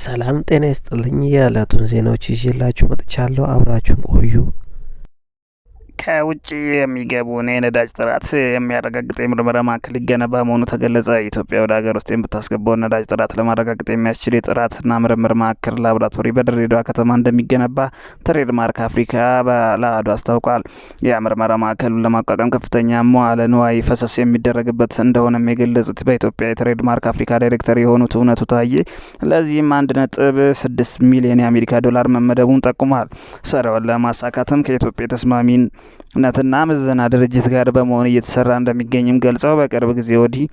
ሰላም ጤና ይስጥልኝ። የዕለቱን ዜናዎች ይዤላችሁ መጥቻለሁ። አብራችሁን ቆዩ። ከውጭ የሚገቡን የነዳጅ ጥራት የሚያረጋግጥ የምርመራ ማዕከል ሊገነባ መሆኑ ተገለጸ። ኢትዮጵያ ወደ ሀገር ውስጥ የምታስገባውን ነዳጅ ጥራት ለማረጋገጥ የሚያስችል የጥራትና ምርምር ማዕከል ላቦራቶሪ በድሬዳዋ ከተማ እንደሚገነባ ትሬድማርክ አፍሪካ በላዶ አስታውቋል። የምርመራ ማዕከሉን ለማቋቋም ከፍተኛ መዋለ ንዋይ ፈሰስ የሚደረግበት እንደሆነም የገለጹት በኢትዮጵያ የትሬድማርክ አፍሪካ ዳይሬክተር የሆኑት እውነቱ ታዬ ለዚህም አንድ ነጥብ ስድስት ሚሊዮን የአሜሪካ ዶላር መመደቡን ጠቁሟል። ስራውን ለማሳካትም ከኢትዮጵያ የተስማሚን ነትና ምዘና ድርጅት ጋር በመሆን እየተሰራ እንደሚገኝም ገልጸው በቅርብ ጊዜ ወዲህ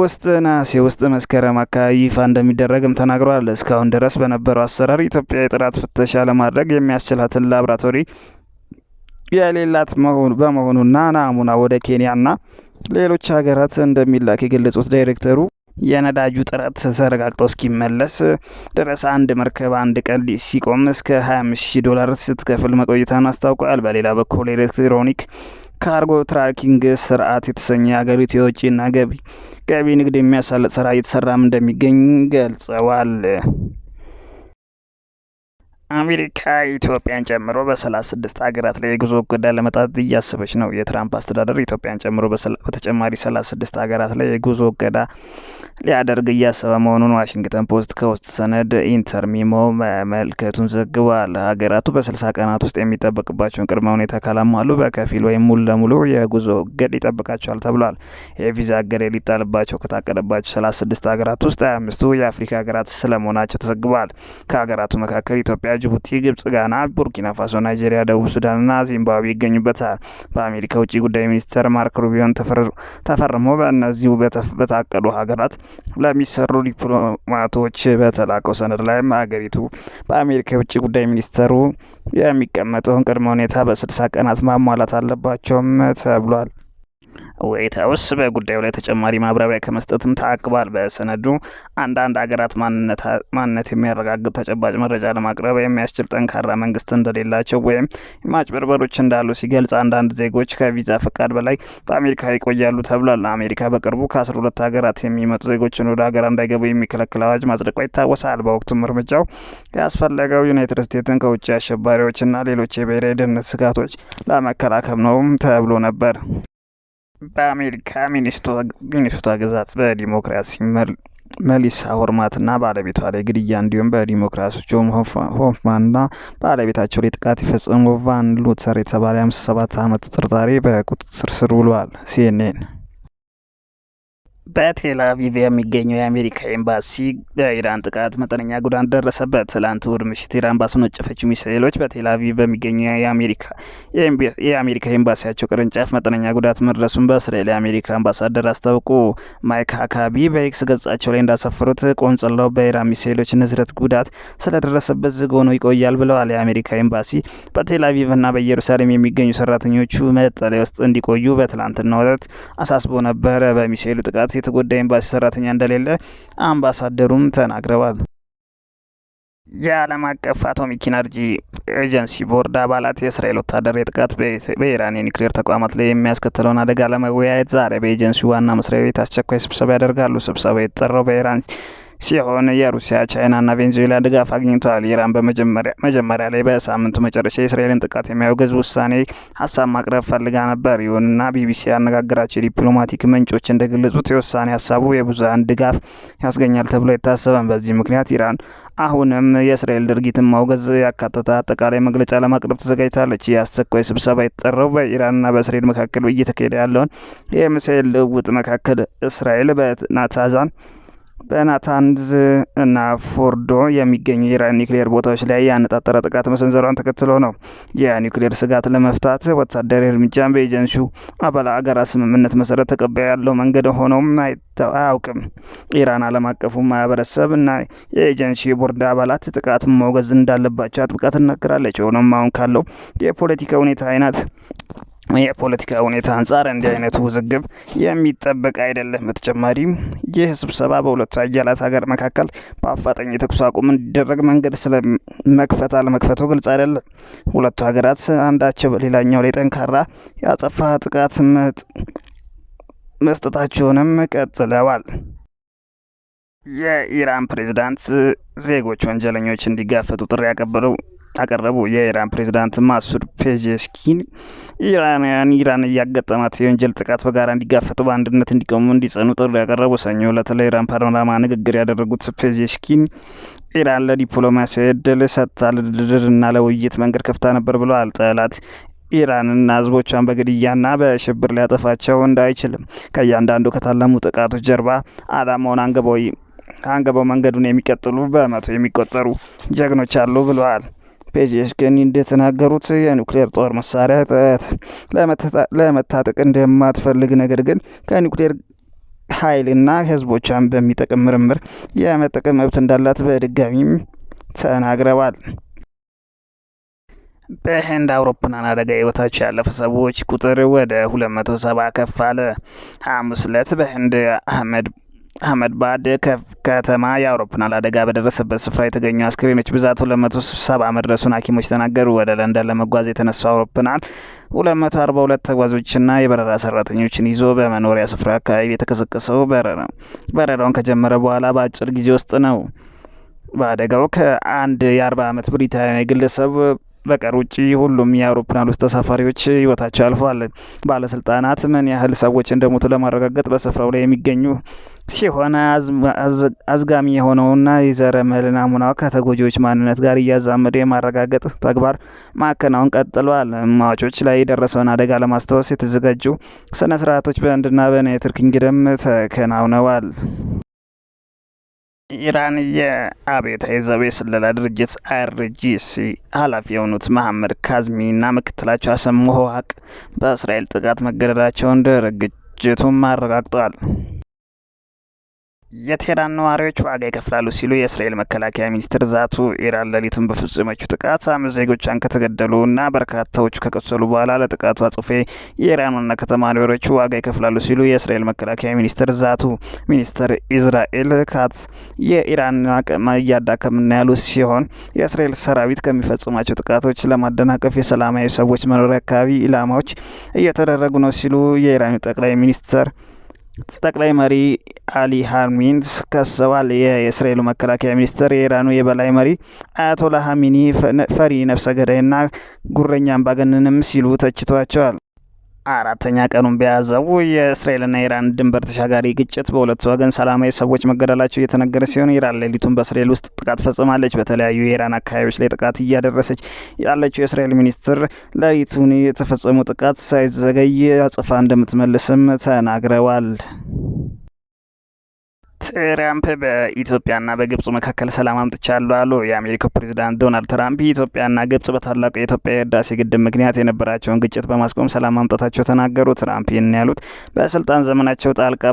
ውስጥ ነሐሴ ውስጥ መስከረም አካባቢ ይፋ እንደሚደረግም ተናግረዋል። እስካሁን ድረስ በነበረው አሰራር ኢትዮጵያ የጥራት ፍተሻ ለማድረግ የሚያስችላትን ላብራቶሪ የሌላት በመሆኑና ናሙና ወደ ኬንያና ሌሎች ሀገራት እንደሚላክ የገለጹት ዳይሬክተሩ የነዳጁ ጥረት ተረጋግጦ እስኪመለስ ድረስ አንድ መርከብ አንድ ቀን ሲቆም እስከ 25 ዶላር ስትከፍል መቆየታን አስታውቋል። በሌላ በኩል ኤሌክትሮኒክ ካርጎ ትራኪንግ ስርዓት የተሰኘ ሀገሪቱ የውጭና ገቢ ገቢ ንግድ የሚያሳልጥ ስራ እየተሰራም እንደሚገኝ ገልጸዋል። አሜሪካ ኢትዮጵያን ጨምሮ በ36 ሀገራት ላይ የጉዞ እገዳ ለመጣት እያሰበች ነው። የትራምፕ አስተዳደር ኢትዮጵያን ጨምሮ በተጨማሪ 36 ሀገራት ላይ የጉዞ እገዳ ሊያደርግ እያሰበ መሆኑን ዋሽንግተን ፖስት ከውስጥ ሰነድ ኢንተርሚሞ መመልከቱን ዘግቧል። ሀገራቱ በ60 ቀናት ውስጥ የሚጠበቅባቸውን ቅድመ ሁኔታ ካላሟሉ በከፊል ወይም ሙሉ ለሙሉ የጉዞ እገድ ይጠብቃቸዋል ተብሏል። የቪዛ እገድ ሊጣልባቸው ከታቀደባቸው 36 ሀገራት ውስጥ 25ቱ የአፍሪካ ሀገራት ስለመሆናቸው ተዘግቧል። ከሀገራቱ መካከል ኢትዮጵያ ጅቡቲ፣ ግብጽ፣ ጋና፣ ቡርኪና ፋሶ፣ ናይጄሪያ፣ ደቡብ ሱዳን ና ዚምባብዌ ይገኙበታል። በአሜሪካ ውጭ ጉዳይ ሚኒስተር ማርክ ሩቢዮን ተፈርሞ በእነዚሁ በታቀዱ ሀገራት ለሚሰሩ ዲፕሎማቶች በተላከው ሰነድ ላይ ሀገሪቱ በአሜሪካ የውጭ ጉዳይ ሚኒስተሩ የሚቀመጠውን ቅድመ ሁኔታ በስልሳ ቀናት ማሟላት አለባቸውም ተብሏል። ዋይት ሀውስ በጉዳዩ ላይ ተጨማሪ ማብራሪያ ከመስጠትም ታቅቧል። በሰነዱ አንዳንድ አገራት ማንነት የሚያረጋግጥ ተጨባጭ መረጃ ለማቅረብ የሚያስችል ጠንካራ መንግስት እንደሌላቸው ወይም ማጭበርበሮች እንዳሉ ሲገልጽ፣ አንዳንድ ዜጎች ከቪዛ ፈቃድ በላይ በአሜሪካ ይቆያሉ ተብሏል። አሜሪካ በቅርቡ ከአስራ ሁለት ሀገራት የሚመጡ ዜጎችን ወደ ሀገር እንዳይገቡ የሚከለክል አዋጅ ማጽደቋ ይታወሳል። በወቅቱም እርምጃው ያስፈለገው ዩናይትድ ስቴትስን ከውጭ አሸባሪዎችና ሌሎች የብሔራዊ ደህንነት ስጋቶች ለመከላከል ነው ተብሎ ነበር። በአሜሪካ ሚኒሶታ ግዛት በዲሞክራሲ መሊሳ ሆርማትና ባለቤቷ ላይ ግድያ እንዲሁም በዲሞክራሲ ጆን ሆፍማንና ባለቤታቸው ላይ ጥቃት የፈጸሙ ቫን ሉተር የተባለ 57 ዓመት ተጠርጣሪ በቁጥጥር ስር ውሏል። ሲኤንኤን በቴልአቪቭ የሚገኘው የአሜሪካ ኤምባሲ በኢራን ጥቃት መጠነኛ ጉዳት ደረሰበት። ትላንት እሁድ ምሽት ኢራን ባስወነጨፈችው ሚሳኤሎች በቴልአቪቭ በሚገኘው የአሜሪካ የአሜሪካ ኤምባሲያቸው ቅርንጫፍ መጠነኛ ጉዳት መድረሱን በእስራኤል የአሜሪካ አምባሳደር አስታውቁ። ማይክ አካቢ በኤክስ ገጻቸው ላይ እንዳሰፈሩት ቆንጽላው በኢራን ሚሳኤሎች ንዝረት ጉዳት ስለደረሰበት ዝግ ሆኖ ይቆያል ብለዋል። የአሜሪካ ኤምባሲ በቴልአቪቭና በኢየሩሳሌም የሚገኙ ሰራተኞቹ መጠለያ ውስጥ እንዲቆዩ በትላንትና ዕለት አሳስቦ ነበረ። በሚሳኤሉ ጥቃት የተጎዳ ኤምባሲ ሰራተኛ እንደሌለ አምባሳደሩም ተናግረዋል። የዓለም አቀፍ አቶሚክ ኢነርጂ ኤጀንሲ ቦርድ አባላት የእስራኤል ወታደራዊ ጥቃት በኢራን የኒውክሌር ተቋማት ላይ የሚያስከትለውን አደጋ ለመወያየት ዛሬ በኤጀንሲው ዋና መስሪያ ቤት አስቸኳይ ስብሰባ ያደርጋሉ። ስብሰባ የተጠራው በኢራን ሲሆን የሩሲያ፣ ቻይናና ቬንዙዌላ ድጋፍ አግኝተዋል። ኢራን መጀመሪያ ላይ በሳምንቱ መጨረሻ የእስራኤልን ጥቃት የሚያወገዝ ውሳኔ ሀሳብ ማቅረብ ፈልጋ ነበር። ይሁንና ቢቢሲ ያነጋገራቸው የዲፕሎማቲክ ምንጮች እንደገለጹት የውሳኔ ሀሳቡ የብዙሀን ድጋፍ ያስገኛል ተብሎ አይታሰብም። በዚህ ምክንያት ኢራን አሁንም የእስራኤል ድርጊትን ማውገዝ ያካተተ አጠቃላይ መግለጫ ለማቅረብ ተዘጋጅታለች። የአስቸኳይ ስብሰባ የተጠራው በኢራንና በእስራኤል መካከል እየተካሄደ ያለውን የሚሳኤል ልውውጥ መካከል እስራኤል በናታንዝ በናታንዝ እና ፎርዶ የሚገኙ የኢራን ኒውክሌር ቦታዎች ላይ ያነጣጠረ ጥቃት መሰንዘሯን ተከትሎ ነው። የኒውክሌር ስጋት ለመፍታት ወታደራዊ እርምጃን በኤጀንሲው አባል አገራት ስምምነት መሰረት ተቀባይ ያለው መንገድ ሆኖም አያውቅም። ኢራን ዓለም አቀፉ ማህበረሰብ እና የኤጀንሲ ቦርድ አባላት ጥቃት መውገዝ እንዳለባቸው አጥብቃ ትናገራለች። ሆኖም አሁን ካለው የፖለቲካ ሁኔታ አይናት የፖለቲካ ሁኔታ አንጻር እንዲህ አይነቱ ውዝግብ የሚጠበቅ አይደለም። በተጨማሪም ይህ ስብሰባ በሁለቱ አያላት ሀገር መካከል በአፋጣኝ የተኩስ አቁም እንዲደረግ መንገድ ስለ መክፈት አለመክፈቱ ግልጽ አይደለም። ሁለቱ ሀገራት አንዳቸው በሌላኛው ላይ ጠንካራ የአጸፋ ጥቃት መስጠታቸውንም ቀጥለዋል። የኢራን ፕሬዝዳንት ዜጎች ወንጀለኞች እንዲጋፈጡ ጥሪ ያቀበለው አቀረቡ። የኢራን ፕሬዚዳንት ማሱድ ፔዜሽኪን ኢራንያን ኢራን እያገጠማት የወንጀል ጥቃት በጋራ እንዲጋፈጡ በአንድነት እንዲቆሙ እንዲጸኑ ጥሪ ያቀረቡ። ሰኞ ዕለት ለኢራን ፓርላማ ንግግር ያደረጉት ፔዜሽኪን ኢራን ለዲፕሎማሲያዊ እድል ሰጥታ ለድርድርና ለውይይት መንገድ ከፍታ ነበር ብለዋል። ጠላት ኢራንና ህዝቦቿን በግድያና በሽብር ሊያጠፋቸው እንዳይችልም ከእያንዳንዱ ከታለሙ ጥቃቶች ጀርባ አላማውን አንገበው መንገዱን የሚቀጥሉ በመቶ የሚቆጠሩ ጀግኖች አሉ ብለዋል። ፔዜሽኪያን እንደተናገሩት የኒውክሌር ጦር መሳሪያ ለመታጠቅ እንደማትፈልግ ነገር ግን ከኒውክሌር ኃይልና ህዝቦቿን በሚጠቅም ምርምር የመጠቀም መብት እንዳላት በድጋሚም ተናግረዋል። በህንድ አውሮፕላን አደጋ ህይወታቸው ያለፈ ሰዎች ቁጥር ወደ ሰባ ከፍ አለ። ሐሙስ ዕለት በህንድ አህመድ አህመድ ባድ ከተማ የአውሮፕላን አደጋ በደረሰበት ስፍራ የተገኙ አስክሬኖች ብዛት 270 መድረሱን ሐኪሞች ተናገሩ። ወደ ለንደን ለመጓዝ የተነሱ አውሮፕላን 242 ተጓዦችና የበረራ ሰራተኞችን ይዞ በመኖሪያ ስፍራ አካባቢ የተቀሰቀሰው በረራውን ከጀመረ በኋላ በአጭር ጊዜ ውስጥ ነው። በአደጋው ከአንድ የ40 ዓመት ብሪታንያዊ ግለሰብ በቀር ውጪ ሁሉም የአውሮፕላን ውስጥ ተሳፋሪዎች ህይወታቸው አልፏል። ባለስልጣናት ምን ያህል ሰዎች እንደሞቱ ለማረጋገጥ በስፍራው ላይ የሚገኙ ሲሆን አዝጋሚ የሆነውና የዘረመል ናሙናው ከተጎጂዎች ማንነት ጋር እያዛመደ የማረጋገጥ ተግባር ማከናወን ቀጥሏል። ማዋጮች ላይ የደረሰውን አደጋ ለማስታወስ የተዘጋጁ ስነ ስርዓቶች በህንድና በዩናይትድ ኪንግደም ተከናውነዋል። ኢራን የአብዮታዊ ዘብ የስለላ ድርጅት አርጂሲ ኃላፊ የሆኑት መሐመድ ካዝሚ እና ምክትላቸው አሰም ሆሀቅ በእስራኤል ጥቃት መገደላቸውን ድርጅቱም አረጋግጧል። የቴህራን ነዋሪዎች ዋጋ ይከፍላሉ ሲሉ የእስራኤል መከላከያ ሚኒስትር ዛቱ ኢራን ሌሊቱን በፈጸመችው ጥቃት አምስት ዜጎቿን ከተገደሉ ከተገደሉና በርካታዎቹ ከቆሰሉ በኋላ ለጥቃቱ አጽፌ የኢራን ዋና ከተማ ነዋሪዎች ዋጋ ይከፍላሉ ሲሉ የእስራኤል መከላከያ ሚኒስትር ዛቱ ሚኒስትር ኢዝራኤል ካትስ የኢራን አቅም እያዳከምን ያሉ ሲሆን የእስራኤል ሰራዊት ከሚፈጽማቸው ጥቃቶች ለማደናቀፍ የሰላማዊ ሰዎች መኖሪያ አካባቢ ኢላማዎች እየተደረጉ ነው ሲሉ የኢራኑ ጠቅላይ ሚኒስትር ጠቅላይ መሪ አሊ ሀሚኒ ከሰዋል። የእስራኤሉ መከላከያ ሚኒስትር የኢራኑ የበላይ መሪ አያቶላ ሀሚኒ ፈሪ ነፍሰ ገዳይና ጉረኛ አምባገነንም ሲሉ ተችቷቸዋል። አራተኛ ቀኑን በያዘው የእስራኤልና ኢራን ድንበር ተሻጋሪ ግጭት በሁለቱ ወገን ሰላማዊ ሰዎች መገደላቸው እየተነገረ ሲሆን ኢራን ሌሊቱን በእስራኤል ውስጥ ጥቃት ፈጽማለች። በተለያዩ የኢራን አካባቢዎች ላይ ጥቃት እያደረሰች ያለችው የእስራኤል ሚኒስትር ሌሊቱን የተፈጸመው ጥቃት ሳይዘገይ አጽፋ እንደምትመልስም ተናግረዋል። ትራምፕ በኢትዮጵያና በግብጽ መካከል ሰላም አምጥቻለሁ አሉ። የአሜሪካው ፕሬዚዳንት ዶናልድ ትራምፕ ኢትዮጵያና ግብጽ በታላቁ የኢትዮጵያ የህዳሴ ግድብ ምክንያት የነበራቸውን ግጭት በማስቆም ሰላም ማምጣታቸው ተናገሩ። ትራምፕ ይህን ያሉት በስልጣን ዘመናቸው ጣልቃ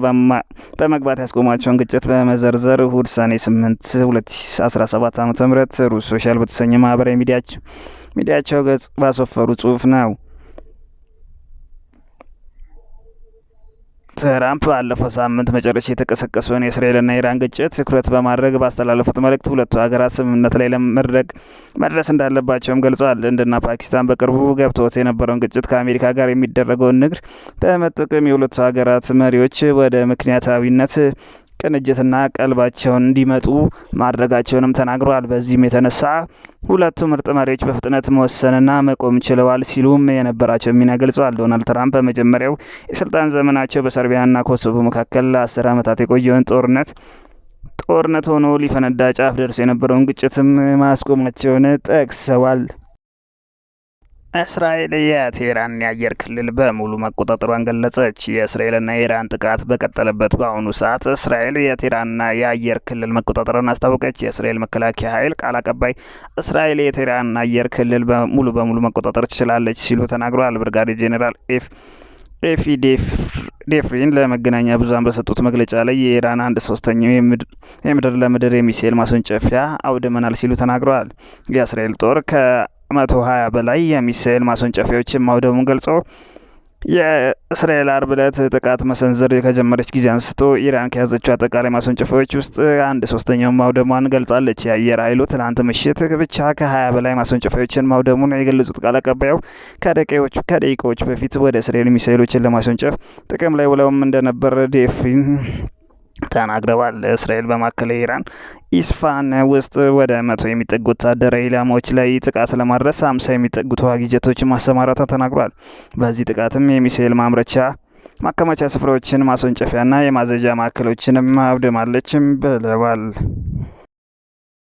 በመግባት ያስቆማቸውን ግጭት በመዘርዘር እሁድ ሰኔ 8 2017 ዓ ም ሩስ ሶሻል በተሰኘ ማህበራዊ ሚዲያቸው ገጽ ባሰፈሩ ጽሁፍ ነው። ትራምፕ ባለፈው ሳምንት መጨረሻ የተቀሰቀሰውን የእስራኤልና ኢራን ግጭት ትኩረት በማድረግ ባስተላለፉት መልእክት ሁለቱ ሀገራት ስምምነት ላይ ለመድረግ መድረስ እንዳለባቸውም ገልጸዋል። ህንድና ፓኪስታን በቅርቡ ገብቶት የነበረውን ግጭት ከአሜሪካ ጋር የሚደረገውን ንግድ በመጠቀም የሁለቱ ሀገራት መሪዎች ወደ ምክንያታዊነት ቅንጅትና ቀልባቸውን እንዲመጡ ማድረጋቸውንም ተናግረዋል። በዚህም የተነሳ ሁለቱም ምርጥ መሪዎች በፍጥነት መወሰንና መቆም ችለዋል ሲሉም የነበራቸው ሚና ገልጸዋል። ዶናልድ ትራምፕ በመጀመሪያው የስልጣን ዘመናቸው በሰርቢያና ኮሶቮ መካከል ለአስር ዓመታት የቆየውን ጦርነት ጦርነት ሆኖ ሊፈነዳ ጫፍ ደርሶ የነበረውን ግጭትም ማስቆማቸውን ጠቅሰዋል። እስራኤል የቴህራንን የአየር ክልል በሙሉ መቆጣጠሯን ገለጸች። የእስራኤልና የኢራን ጥቃት በቀጠለበት በአሁኑ ሰዓት እስራኤል የቴህራንና የአየር ክልል መቆጣጠሯን አስታወቀች። የእስራኤል መከላከያ ኃይል ቃል አቀባይ እስራኤል የቴህራንን አየር ክልል ሙሉ በሙሉ መቆጣጠር ትችላለች ሲሉ ተናግረዋል። ብርጋዴ ጄኔራል ኤፍ ኤፊ ዴፍሪን ለመገናኛ ብዙሃን በሰጡት መግለጫ ላይ የኢራን አንድ ሶስተኛው የምድር ለምድር የሚሳኤል ማስወንጨፊያ አውድመናል ሲሉ ተናግረዋል። የእስራኤል ጦር ከ ከመቶ ሀያ በላይ የሚሳኤል ማስወንጨፊያዎችን ማውደሙን ገልጾ የእስራኤል አርብ ዕለት ጥቃት መሰንዘር ከጀመረች ጊዜ አንስቶ ኢራን ከያዘችው አጠቃላይ ማስወንጨፊያዎች ውስጥ አንድ ሶስተኛውን ማውደሟን ገልጻለች። የአየር ኃይሉ ትናንት ምሽት ብቻ ከሀያ በላይ ማስወንጨፊያዎችን ማውደሙን የገለጹት ቃል አቀባዩ ከደቂቃዎች በፊት ወደ እስራኤል ሚሳይሎችን ለማስወንጨፍ ጥቅም ላይ ውለውም እንደነበር ዴፍሪን ትንታን አቅርቧል። እስራኤል በማዕከላዊ ኢራን ኢስፋን ውስጥ ወደ መቶ የሚጠጉ ወታደራዊ ኢላማዎች ላይ ጥቃት ለማድረስ አምሳ የሚጠጉ ተዋጊ ጀቶችን ማሰማራቷ ተናግሯል። በዚህ ጥቃትም የሚሳኤል ማምረቻ ማከማቻ ስፍራዎችን ማስወንጨፊያና የማዘዣ ማዕከሎችንም አውድማለችም ብለዋል።